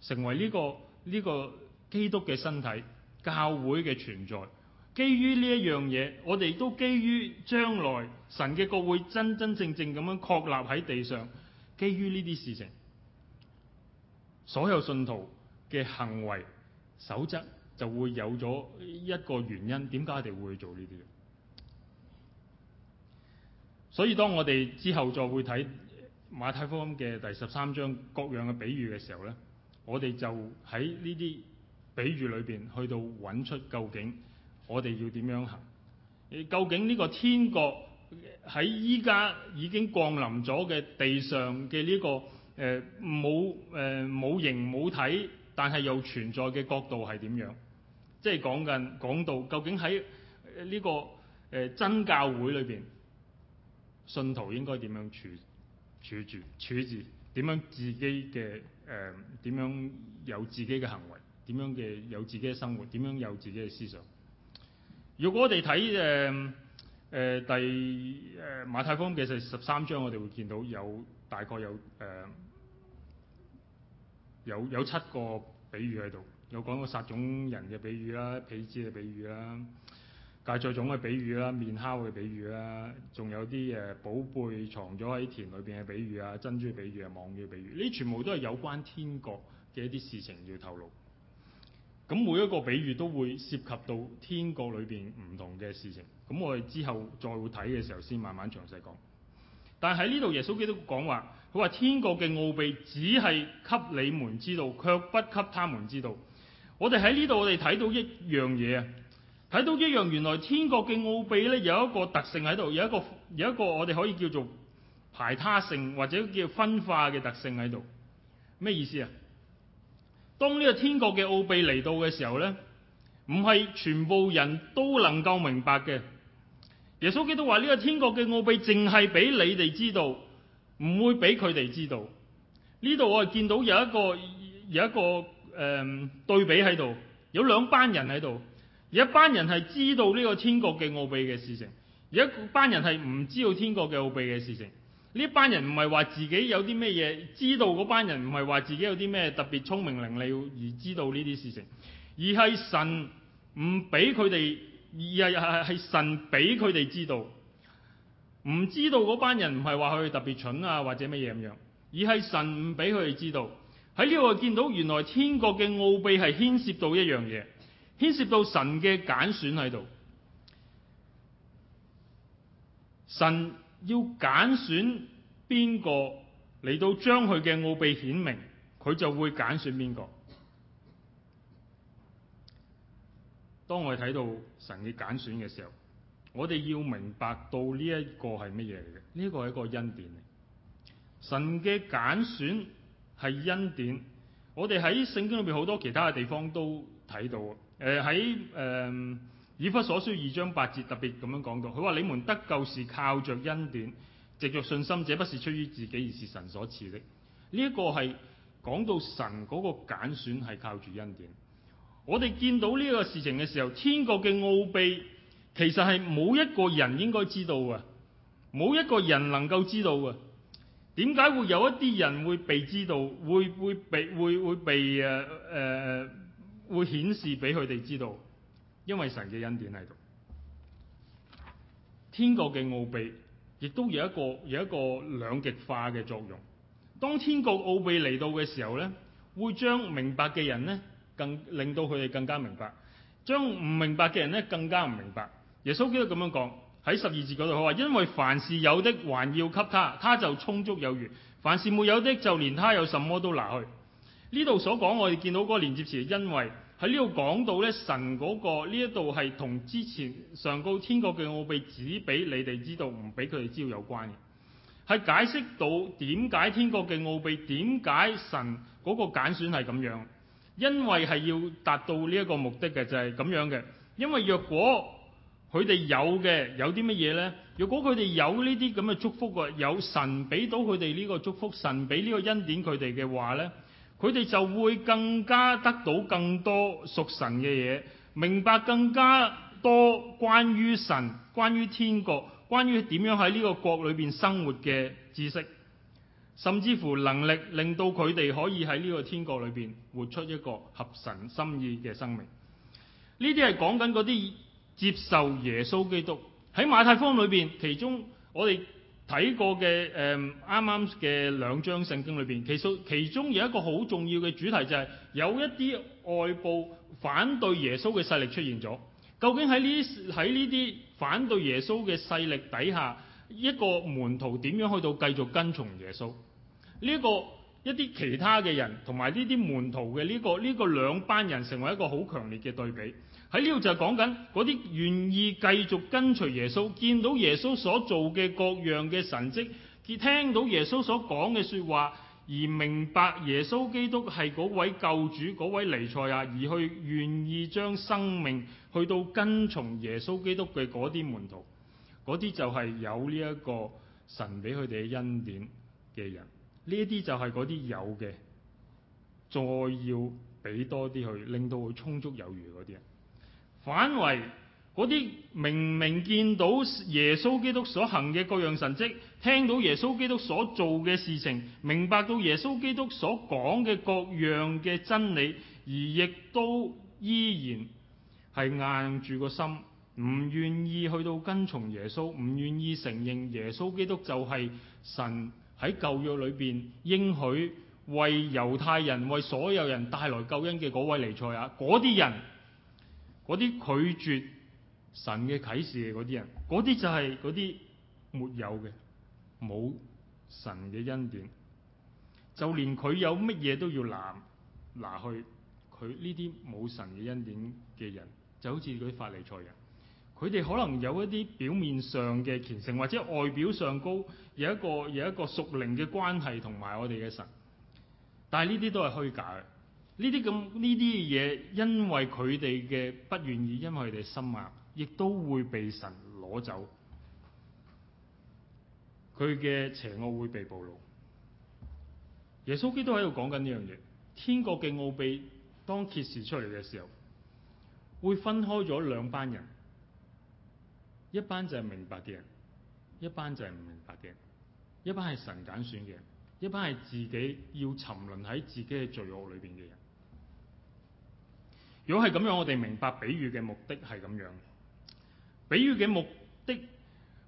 成為呢個呢個基督嘅身體、教會嘅存在。基於呢一樣嘢，我哋都基於將來神嘅國，會真真正正咁樣確立喺地上。基於呢啲事情，所有信徒嘅行為守則就會有咗一個原因，點解我哋會做呢啲嘢？所以當我哋之後再會睇馬太福音嘅第十三章各樣嘅比喻嘅時候呢，我哋就喺呢啲比喻裏邊去到揾出究竟我哋要點樣行？究竟呢個天國喺依家已經降臨咗嘅地上嘅呢個誒冇誒冇形冇體，但係又存在嘅角度係點樣？即係講緊講到究竟喺呢個誒、呃、真教會裏邊。信徒應該點樣處處住處置？點樣自己嘅誒？點、呃、樣有自己嘅行為？點樣嘅有自己嘅生活？點樣有自己嘅思想？如果我哋睇誒誒第誒、呃、馬太福音嘅十三章，我哋會見到有大概有誒、呃、有有七個比喻喺度，有講過撒種人嘅比喻啦，稗子嘅比喻啦。芥菜種嘅比喻啦，麵酵嘅比喻啦，仲有啲誒寶貝藏咗喺田裏邊嘅比喻啊，珍珠嘅比喻啊，網魚嘅比喻，呢全部都係有關天國嘅一啲事情要透露。咁每一個比喻都會涉及到天國裏邊唔同嘅事情。咁我哋之後再會睇嘅時候，先慢慢詳細講。但喺呢度耶穌基督講話，佢話天國嘅奧秘只係給你們知道，卻不給他們知道。我哋喺呢度，我哋睇到一樣嘢啊。睇到一樣，原來天國嘅奧秘咧有一個特性喺度，有一個有一個我哋可以叫做排他性或者叫分化嘅特性喺度。咩意思啊？當呢個天國嘅奧秘嚟到嘅時候咧，唔係全部人都能夠明白嘅。耶穌基督話：呢個天國嘅奧秘淨係俾你哋知道，唔會俾佢哋知道。呢度我係見到有一個有一個誒、呃、對比喺度，有兩班人喺度。而一班人係知道呢個天國嘅奧秘嘅事情，而一班人係唔知道天國嘅奧秘嘅事情。呢班人唔係話自己有啲咩嘢知道，嗰班人唔係話自己有啲咩特別聰明伶俐而知道呢啲事情，而係神唔俾佢哋，而係係係神俾佢哋知道。唔知道嗰班人唔係話佢哋特別蠢啊或者乜嘢咁樣，而係神唔俾佢哋知道。喺呢度見到原來天國嘅奧秘係牽涉到一樣嘢。牽涉到神嘅揀選喺度，神要揀選邊個嚟到將佢嘅奧秘顯明，佢就會揀選邊個。當我哋睇到神嘅揀選嘅時候，我哋要明白到呢一個係乜嘢嚟嘅？呢個係一個恩典嚟。神嘅揀選係恩典，我哋喺聖經裏邊好多其他嘅地方都睇到。誒喺，誒以弗所書二章八節特別咁樣講到，佢話你們得救是靠著恩典，藉着信心，這不是出於自己，而是神所賜的。呢、這、一個係講到神嗰個揀選係靠住恩典。我哋見到呢個事情嘅時候，天國嘅奧秘其實係冇一個人應該知道嘅，冇一個人能夠知道嘅。點解會有一啲人會被知道？會會,會,會,會,會被會會被誒誒會顯示俾佢哋知道，因為神嘅恩典喺度。天國嘅奧秘亦都有一個有一個兩極化嘅作用。當天國奧秘嚟到嘅時候呢，會將明白嘅人呢，更令到佢哋更加明白，將唔明白嘅人呢更加唔明白。耶穌基督咁樣講喺十二節嗰度，佢話，因為凡事有的還要給他，他就充足有餘；凡事沒有的就連他有什麼都拿去。呢度所講，我哋見到嗰個連接詞因為。喺呢度講到咧，神嗰個呢一度係同之前上高天國嘅奧秘只俾你哋知道，唔俾佢哋知道有關嘅。係解釋到點解天國嘅奧秘，點解神嗰個揀選係咁樣，因為係要達到呢一個目的嘅，就係咁樣嘅。因為若果佢哋有嘅有啲乜嘢呢？若果佢哋有呢啲咁嘅祝福啊，有神俾到佢哋呢個祝福，神俾呢個恩典佢哋嘅話呢。佢哋就會更加得到更多屬神嘅嘢，明白更加多關於神、關於天國、關於點樣喺呢個國裏邊生活嘅知識，甚至乎能力令到佢哋可以喺呢個天國裏邊活出一個合神心意嘅生命。呢啲係講緊嗰啲接受耶穌基督喺馬太福音裏邊，其中我哋，睇過嘅誒、啱啱嘅兩章聖經裏邊，其實其中有一個好重要嘅主題就係有一啲外部反對耶穌嘅勢力出現咗。究竟喺呢喺呢啲反對耶穌嘅勢力底下，一個門徒點樣去到繼續跟從耶穌？呢、呢個、一個一啲其他嘅人同埋呢啲門徒嘅呢、呢個呢、呢個兩班人，成為一個好強烈嘅對比。喺呢度就係講緊嗰啲願意繼續跟隨耶穌，見到耶穌所做嘅各樣嘅神蹟，聽到耶穌所講嘅說話，而明白耶穌基督係嗰位救主、嗰位彌賽亞，而去願意將生命去到跟從耶穌基督嘅嗰啲門徒，嗰啲就係有呢一個神俾佢哋嘅恩典嘅人。呢一啲就係嗰啲有嘅，再要俾多啲去，令到佢充足有餘嗰啲人。反為嗰啲明明見到耶穌基督所行嘅各樣神蹟，聽到耶穌基督所做嘅事情，明白到耶穌基督所講嘅各樣嘅真理，而亦都依然係硬住個心，唔願意去到跟從耶穌，唔願意承認耶穌基督就係神喺舊約裏邊應許為猶太人，為所有人帶來救恩嘅嗰位彌賽亞，嗰啲人。嗰啲拒絕神嘅啟示嘅嗰啲人，嗰啲就係嗰啲沒有嘅，冇神嘅恩典，就連佢有乜嘢都要攬拿，拿去，佢呢啲冇神嘅恩典嘅人，就好似嗰啲法利賽人，佢哋可能有一啲表面上嘅虔誠，或者外表上高有一個有一個屬靈嘅關係同埋我哋嘅神，但係呢啲都係虛假嘅。呢啲咁呢啲嘢，因為佢哋嘅不願意，因為佢哋心硬，亦都會被神攞走。佢嘅邪惡會被暴露。耶穌基督喺度講緊呢樣嘢：天國嘅奧秘，當揭示出嚟嘅時候，會分開咗兩班人，一班就係明白嘅人，一班就係唔明白嘅人，一班係神揀選嘅人。一班係自己要沉淪喺自己嘅罪惡裏邊嘅人。如果係咁樣，我哋明白比喻嘅目的係咁樣。比喻嘅目的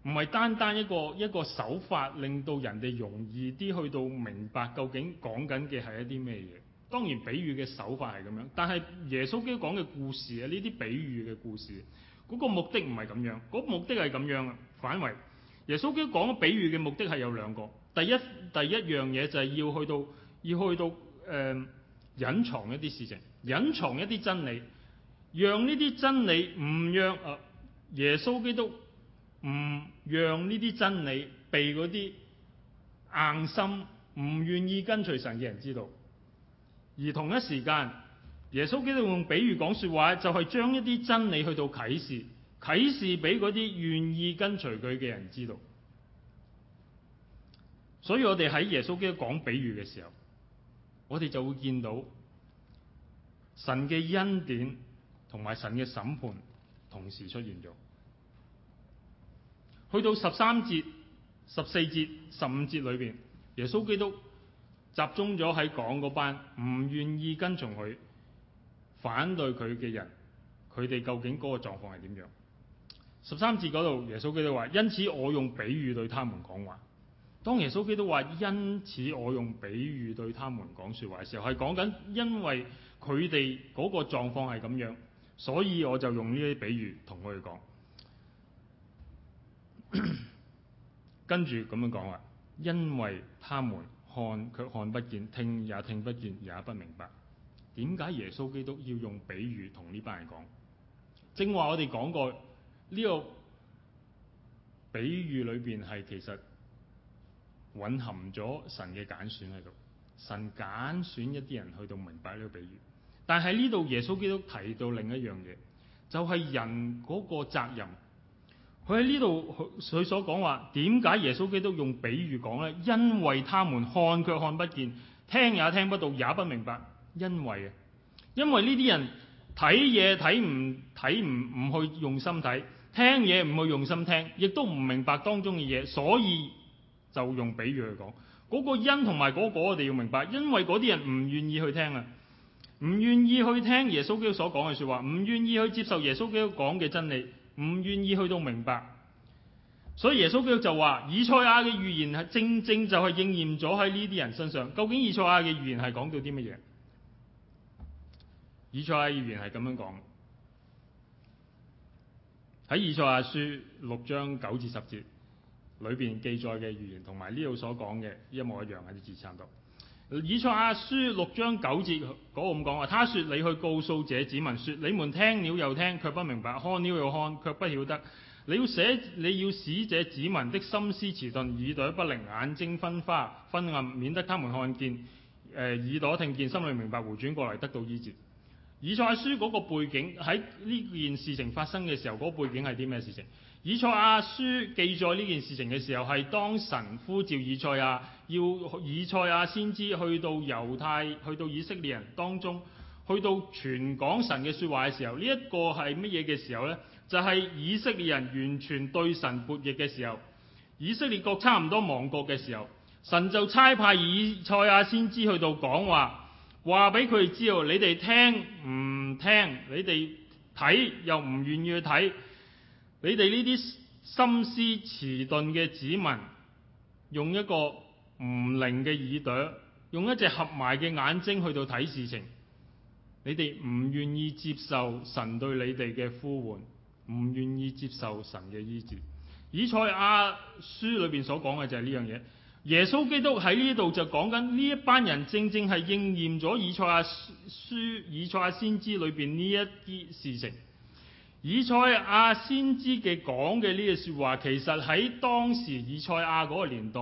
唔係單單一個一個手法，令到人哋容易啲去到明白究竟講緊嘅係一啲咩嘢。當然，比喻嘅手法係咁樣，但係耶穌基督講嘅故事啊，呢啲比喻嘅故事，嗰個目的唔係咁樣，個目的係咁樣啊。反為耶穌基督講嘅比喻嘅目的係有兩個。第一，第一樣嘢，就係要去到要去到誒，隱藏一啲事情，隱藏一啲真理，讓呢啲真理唔讓誒耶穌基督唔讓呢啲真理被嗰啲硬心唔願意跟隨神嘅人知道。而同一時間，耶穌基督用比喻講說話，就係將一啲真理去到啟示，啟示俾嗰啲願意跟隨佢嘅人知道。所以我哋喺耶穌基督講比喻嘅時候，我哋就會見到神嘅恩典同埋神嘅審判同時出現咗。去到十三節、十四節、十五節裏邊，耶穌基督集中咗喺講嗰班唔願意跟從佢、反對佢嘅人，佢哋究竟嗰個狀況係點樣？十三節嗰度，耶穌基督話：因此我用比喻對他們講話。當耶穌基督話因此我用比喻對他們講說話嘅時候，係講緊因為佢哋嗰個狀況係咁樣，所以我就用呢啲比喻同佢哋講。跟住咁樣講呀，因為他們看卻看，看不見，聽也聽不見，也不明白。點解耶穌基督要用比喻同呢班人講？正話我哋講過呢、這個比喻裏邊係其實。蘊含咗神嘅揀選喺度，神揀選一啲人去到明白呢個比喻。但係呢度耶穌基督提到另一樣嘢，就係人嗰個責任。佢喺呢度佢所講話，點解耶穌基督用比喻講咧？因為他們看卻看不見，聽也聽不到，也不明白。因為，啊，因為呢啲人睇嘢睇唔睇唔唔去用心睇，聽嘢唔去用心聽，亦都唔明白當中嘅嘢，所以。就用比喻去講，嗰個因同埋嗰個我哋要明白，因為嗰啲人唔願意去聽啊，唔願意去聽耶穌基督所講嘅說話，唔願意去接受耶穌基督講嘅真理，唔願意去到明白，所以耶穌基督就話，以賽亞嘅預言係正正就係應驗咗喺呢啲人身上。究竟以賽亞嘅預言係講到啲乜嘢？以賽亞預言係咁樣講，喺以賽亞書六章九至十節。裏邊記載嘅預言同埋呢度所講嘅一模一樣，喺啲字差唔多。以賽亞書六章九節嗰、那個咁講話，他說：你去告訴這子民說，說你們聽了又聽，卻不明白；看了又看，卻不曉得。你要寫，你要使這子民的心思遲鈍，耳朵不靈，眼睛昏花，昏暗，免得他們看見，誒，耳朵聽見，心裡明白，回轉過來得到醫治。以賽亞書嗰個背景喺呢件事情發生嘅時候，嗰、那個背景係啲咩事情？以賽亞書記載呢件事情嘅時候，係當神呼召以賽亞，要以賽亞先知去到猶太、去到以色列人當中，去到傳講神嘅說話嘅時候，呢、這、一個係乜嘢嘅時候呢？就係、是、以色列人完全對神叛逆嘅時候，以色列國差唔多亡國嘅時候，神就差派以賽亞先知去到講話。話俾佢哋知道，你哋聽唔聽？你哋睇又唔願意去睇？你哋呢啲心思遲鈍嘅子民，用一個唔靈嘅耳朵，用一隻合埋嘅眼睛去到睇事情。你哋唔願意接受神對你哋嘅呼喚，唔願意接受神嘅醫治。以賽亞書裏邊所講嘅就係呢樣嘢。耶穌基督喺呢度就講緊呢一班人，正正係應驗咗以賽亞書以賽亞先知裏邊呢一啲事情。以賽亞先知嘅講嘅呢個說話，其實喺當時以賽亞嗰個年代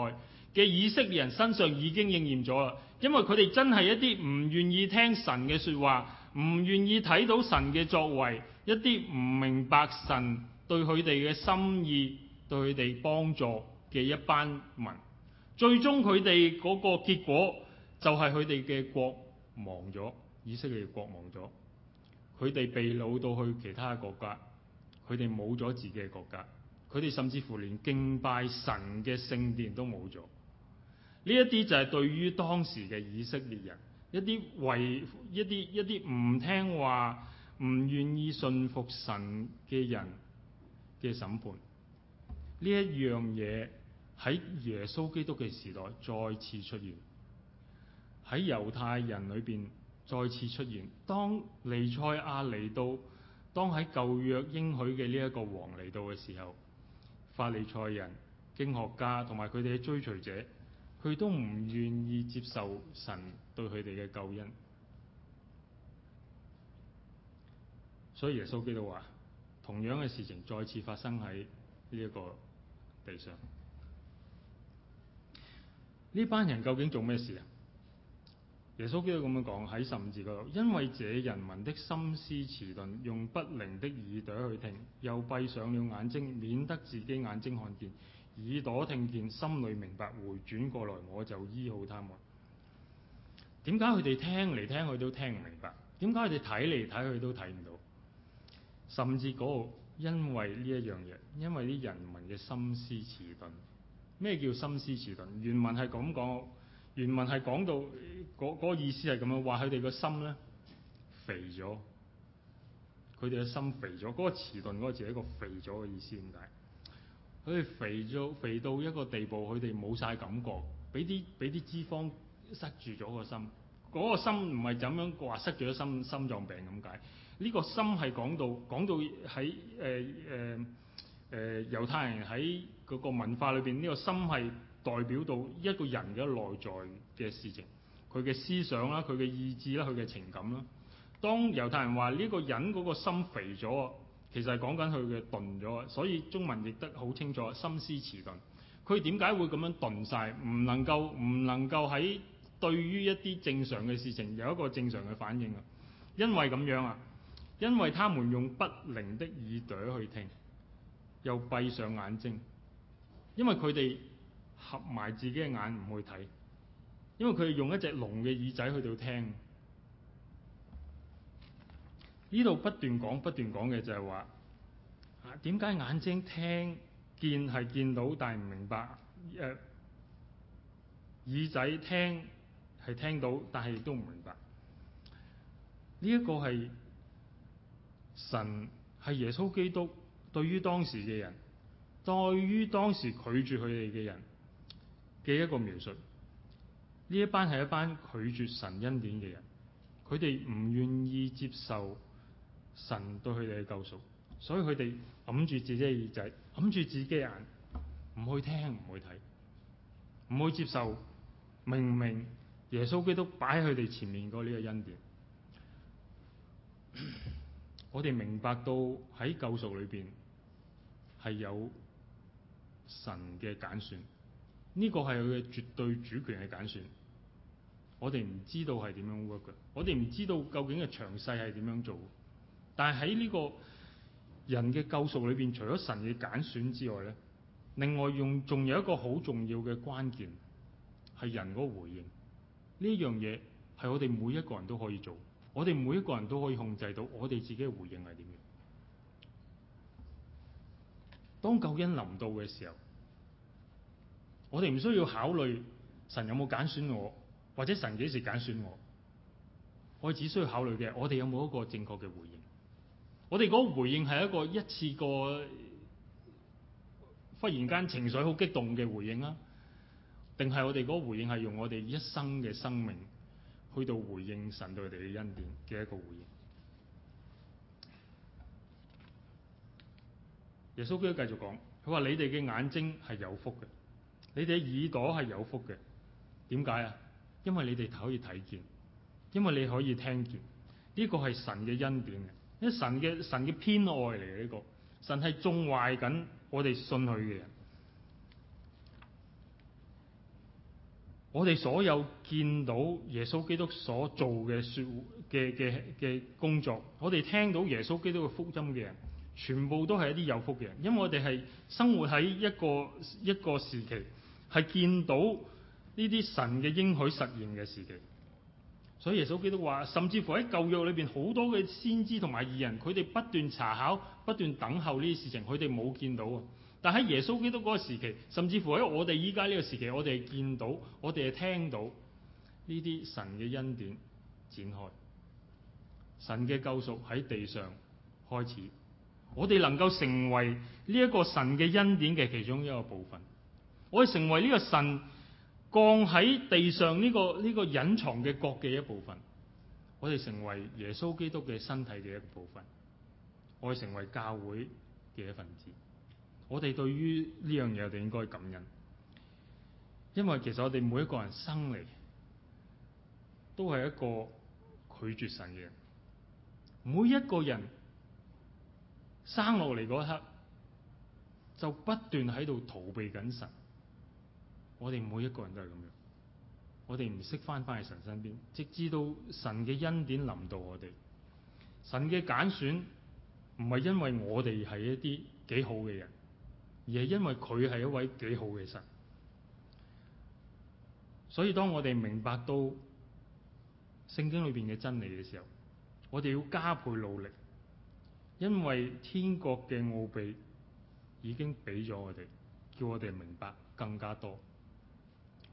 嘅以色列人身上已經應驗咗啦，因為佢哋真係一啲唔願意聽神嘅說話，唔願意睇到神嘅作為，一啲唔明白神對佢哋嘅心意，對佢哋幫助嘅一班民。最終佢哋嗰個結果就係佢哋嘅國亡咗，以色列國亡咗，佢哋被擄到去其他嘅國家，佢哋冇咗自己嘅國家，佢哋甚至乎連敬拜神嘅聖殿都冇咗。呢一啲就係對於當時嘅以色列人一啲違一啲一啲唔聽話唔願意信服神嘅人嘅審判，呢一樣嘢，喺耶穌基督嘅時代再次出現，喺猶太人裏邊再次出現。當彌賽亞嚟到，當喺舊約應許嘅呢一個王嚟到嘅時候，法利賽人、經學家同埋佢哋嘅追隨者，佢都唔願意接受神對佢哋嘅救恩。所以耶穌基督話：同樣嘅事情再次發生喺呢一個地上。呢班人究竟做咩事啊？耶穌基督咁樣講，喺甚至嗰度，因為這人民的心思遲鈍，用不靈的耳朵去聽，又閉上了眼睛，免得自己眼睛看見，耳朵聽見，心裏明白，回轉過來我就醫好他們。點解佢哋聽嚟聽去都聽唔明白？點解佢哋睇嚟睇去都睇唔到？甚至嗰度，因為呢一樣嘢，因為啲人民嘅心思遲鈍。咩叫心思遲鈍？原文係咁講，原文係講到嗰個意思係咁啊，話佢哋個心咧肥咗，佢哋嘅心肥咗。嗰個遲鈍嗰個字係一個肥咗嘅意思。點解，佢哋肥咗肥到一個地步，佢哋冇晒感覺，俾啲俾啲脂肪塞住咗個心。嗰個心唔係咁樣話塞住咗心，心臟病咁解。呢個心係講到講到喺誒誒。呃呃誒、呃、猶太人喺嗰個文化裏邊，呢、這個心係代表到一個人嘅內在嘅事情，佢嘅思想啦，佢嘅意志啦，佢嘅情感啦。當猶太人話呢、這個人嗰個心肥咗，其實係講緊佢嘅鈍咗，所以中文譯得好清楚，心思遲鈍。佢點解會咁樣鈍晒？唔能夠唔能夠喺對於一啲正常嘅事情有一個正常嘅反應啊？因為咁樣啊，因為他們用不靈的耳朵去聽。又閉上眼睛，因為佢哋合埋自己嘅眼唔去睇，因為佢用一隻聾嘅耳仔去到聽。呢度不斷講不斷講嘅就係話，點解眼睛聽見係見到，但係唔明白。誒、呃、耳仔聽係聽到，但係亦都唔明白。呢、這、一個係神係耶穌基督，對於當時嘅人，對於當時拒絕佢哋嘅人嘅一個描述，呢一班係一班拒絕神恩典嘅人，佢哋唔願意接受神對佢哋嘅救贖，所以佢哋揞住自己嘅耳仔，揞住自己嘅眼，唔去聽，唔去睇，唔去接受，明明耶穌基督擺喺佢哋前面嗰呢個恩典， 我哋明白到喺救贖裏邊。係有神嘅揀選，呢個係佢嘅絕對主權嘅揀選。我哋唔知道係點樣 work 嘅，我哋唔知道究竟嘅詳細係點樣做。但係喺呢個人嘅救贖裏邊，除咗神嘅揀選之外咧，另外用仲有一個好重要嘅關鍵係人嗰個回應。呢樣嘢係我哋每一個人都可以做，我哋每一個人都可以控制到我哋自己嘅回應係點樣。當救恩臨到嘅時候，我哋唔需要考慮神有冇揀選我，或者神幾時揀選我。我哋只需要考慮嘅，我哋有冇一個正確嘅回應。我哋個回應係一個一次過忽然間情緒好激動嘅回應啊，定係我哋個回應係用我哋一生嘅生命去到回應神對佢哋嘅恩典嘅一個回應。耶穌基督繼續講，佢話：你哋嘅眼睛係有福嘅，你哋嘅耳朵係有福嘅。點解啊？因為你哋可以睇見，因為你可以聽見。呢個係神嘅恩典啊！呢神嘅神嘅偏愛嚟嘅呢個。神係縱壞緊我哋信佢嘅人。我哋所有見到耶穌基督所做嘅說嘅嘅嘅工作，我哋聽到耶穌基督嘅福音嘅人，全部都係一啲有福嘅人，因為我哋係生活喺一個一個時期，係見到呢啲神嘅應許實現嘅時期。所以耶穌基督話，甚至乎喺舊約裏邊好多嘅先知同埋義人，佢哋不斷查考、不斷等候呢啲事情，佢哋冇見到啊。但喺耶穌基督嗰個時期，甚至乎喺我哋依家呢個時期，我哋係見到，我哋係聽到呢啲神嘅恩典展開，神嘅救贖喺地上開始。我哋能夠成為呢一個神嘅恩典嘅其中一個部分，我哋成為呢個神降喺地上呢個呢個隱藏嘅國嘅一部分，我哋成為耶穌基督嘅身體嘅一部分，我哋成為教會嘅一份子。我哋對於呢樣嘢，我哋應該感恩，因為其實我哋每一個人生嚟都係一個拒絕神嘅人，每一個人。生落嚟一刻，就不斷喺度逃避緊神。我哋每一個人都係咁樣，我哋唔識返返去神身邊，直至到神嘅恩典臨到我哋。神嘅揀選唔係因為我哋係一啲幾好嘅人，而係因為佢係一位幾好嘅神。所以當我哋明白到聖經裏邊嘅真理嘅時候，我哋要加倍努力。因為天國嘅奧秘已經畀咗我哋，叫我哋明白更加多。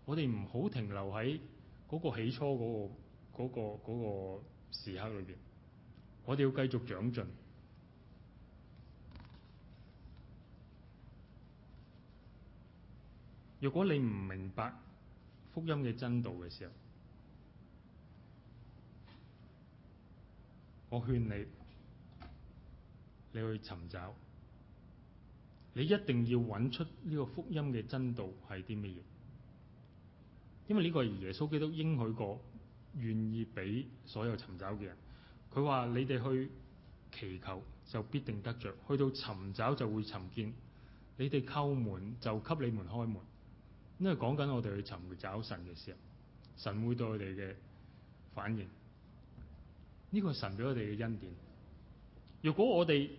我哋唔好停留喺嗰個起初嗰個嗰個嗰個時刻裏邊，我哋要繼續長進。如果你唔明白福音嘅真道嘅時候，我勸你，你去尋找，你一定要揾出呢個福音嘅真道係啲乜嘢？因為呢個係耶穌基督應許過，願意俾所有尋找嘅人。佢話：你哋去祈求就必定得着；去到尋找就會尋見。你哋叩門就給你們開門。因為講緊我哋去尋找神嘅時候，神會對我哋嘅反應。呢、這個係神俾我哋嘅恩典。如果我哋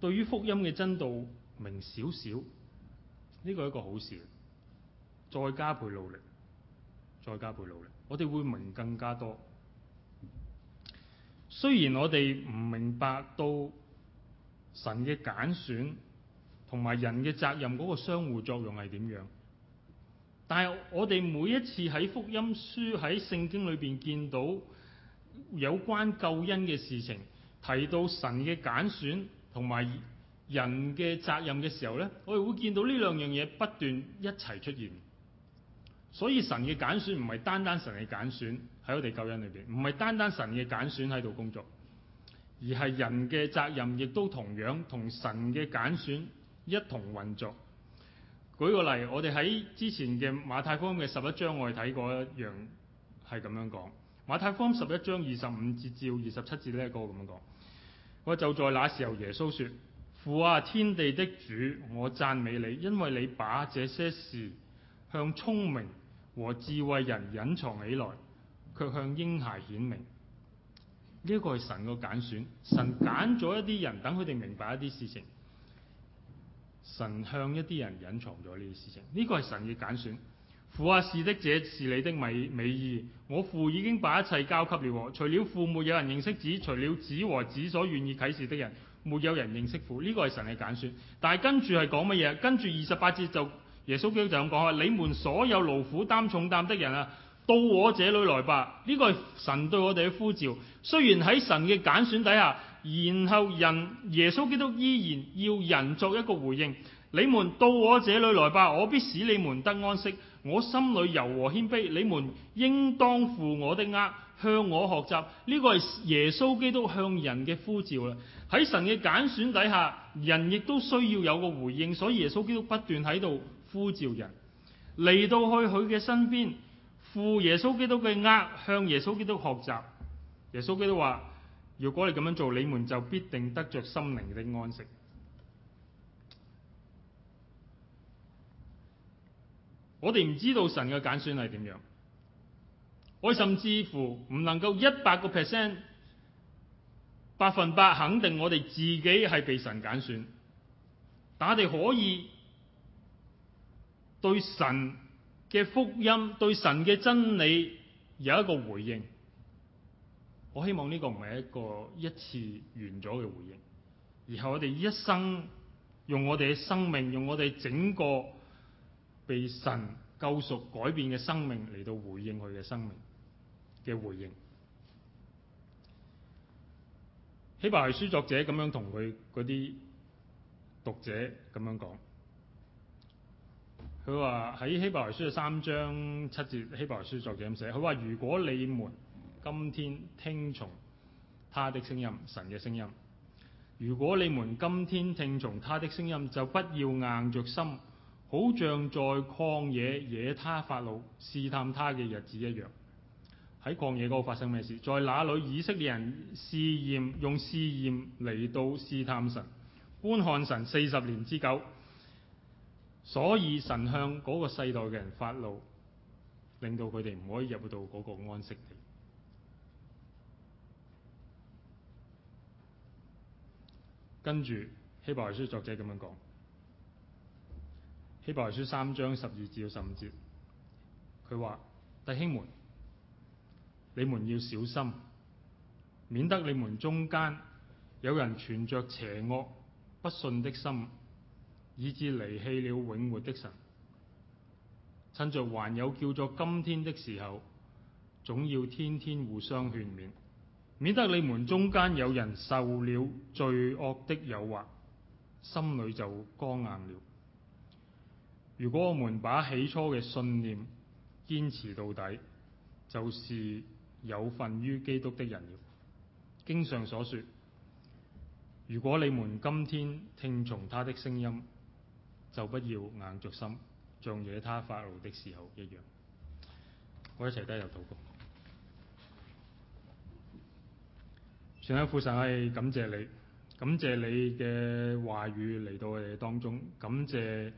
對於福音嘅真道明少少，呢個係一個好事。再加倍努力，再加倍努力，我哋會明更加多。雖然我哋唔明白到神嘅揀選同埋人嘅責任嗰個相互作用係點樣，但係我哋每一次喺福音書喺聖經裏邊見到有關救恩嘅事情。提到神嘅揀選同埋人嘅責任嘅時候咧，我哋會見到呢兩樣嘢不斷一齊出現。所以神嘅揀選唔係單單神嘅揀選喺我哋救恩裏邊，唔係單單神嘅揀選喺度工作，而係人嘅責任亦都同樣同神嘅揀選一同運作。舉個例，我哋喺之前嘅馬太福音嘅十一章，我哋睇過一樣係咁樣講。馬太福音十一章二十五至照二十七節呢一個咁樣講。我就在那時候，耶穌說：父啊，天地的主，我讚美你，因為你把這些事向聰明和智慧人隱藏起來，卻向嬰孩顯明。呢個係神嘅揀選，神揀咗一啲人等佢哋明白一啲事情，神向一啲人隱藏咗呢啲事情，呢個係神嘅揀選。父啊，是的，這是你的美美意。我父已經把一切交給了我，除了父沒有人認識子，除了子和子所願意啟示的人，沒有人認識父。呢個係神嘅揀選，但係跟住係講乜嘢？跟住二十八節就耶穌基督就咁講啊，你們所有勞苦擔重擔的人啊，到我這裏來吧。呢個係神對我哋嘅呼召。雖然喺神嘅揀選底下，然後人耶穌基督依然要人作一個回應：你們到我這裏來吧，我必使你們得安息。我心裏柔和謙卑，你們應當負我的軛，向我學習。呢個係耶穌基督向人嘅呼召啦。喺神嘅揀選底下，人亦都需要有個回應，所以耶穌基督不斷喺度呼召人嚟到去佢嘅身邊，負耶穌基督嘅軛，向耶穌基督學習。耶穌基督話，如果你咁樣做，你們就必定得着心靈的安息。我哋唔知道神嘅揀選係點樣，我甚至乎唔能夠一百個 percent、百分百肯定我哋自己係被神揀選，但我哋可以對神嘅福音、對神嘅真理有一個回應。我希望呢個唔係一個一次完咗嘅回應，而係我哋一生用我哋嘅生命、用我哋整個。被神救贖改變嘅生命嚟到回應佢嘅生命嘅回應。希伯來書作者咁樣同佢嗰啲讀者咁樣講，佢話喺希伯來書嘅三章七節，希伯來書作者咁寫，佢話：如果你們今天聽從他的聲音，神嘅聲音；如果你們今天聽從他的聲音，就不要硬着心。好像在曠野惹他發怒試探他嘅日子一樣，喺曠野嗰度發生咩事？在那裏以色列人試驗用試驗嚟到試探神，觀看神四十年之久，所以神向嗰個世代嘅人發怒，令到佢哋唔可以入到嗰個安息地。跟住希伯來書作者咁樣講。希伯來書三章十二至十五節，佢話：弟兄們，你們要小心，免得你們中間有人存着邪惡不信的心，以致離棄了永活的神。趁着還有叫做今天的時候，總要天天互相勸勉，免得你們中間有人受了罪惡的誘惑，心裏就剛硬了。如果我們把起初嘅信念堅持到底，就是有份於基督的人了。經上所說：如果你們今天聽從他的聲音，就不要硬着心，像惹他發怒的時候一樣。我一齊低頭禱告。全恩父神，我、哎、感謝你，感謝你嘅話語嚟到我哋當中，感謝。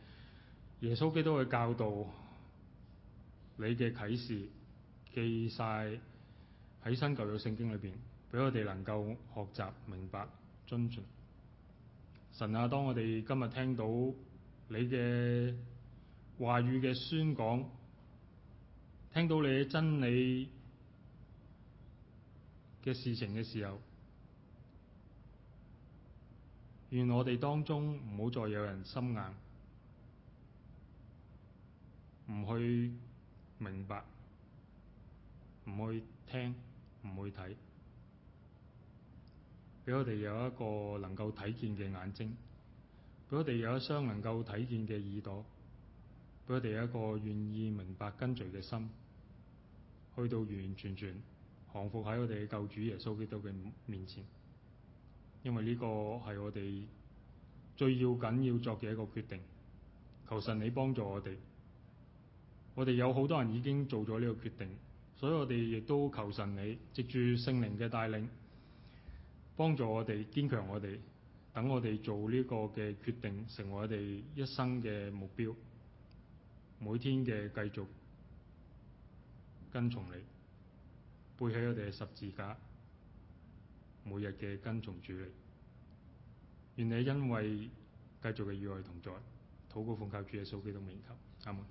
耶穌基督嘅教導，你嘅啟示記晒喺新舊約聖經裏邊，俾我哋能夠學習明白遵從。神啊，當我哋今日聽到你嘅話語嘅宣講，聽到你真理嘅事情嘅時候，願我哋當中唔好再有人心硬。唔去明白，唔去聽，唔去睇，俾我哋有一個能夠睇見嘅眼睛，俾我哋有一雙能夠睇見嘅耳朵，俾我哋有一個願意明白跟隨嘅心，去到完完全全降服喺我哋嘅救主耶穌基督嘅面前。因為呢個係我哋最要緊要做嘅一個決定。求神你幫助我哋。我哋有好多人已經做咗呢個決定，所以我哋亦都求神你藉住聖靈嘅帶領，幫助我哋堅強我哋，等我哋做呢個嘅決定成為我哋一生嘅目標，每天嘅繼續跟從你，背起我哋十字架，每日嘅跟從主，願你因為繼續嘅與我同在，禱告奉靠主耶穌基督名求，阿門。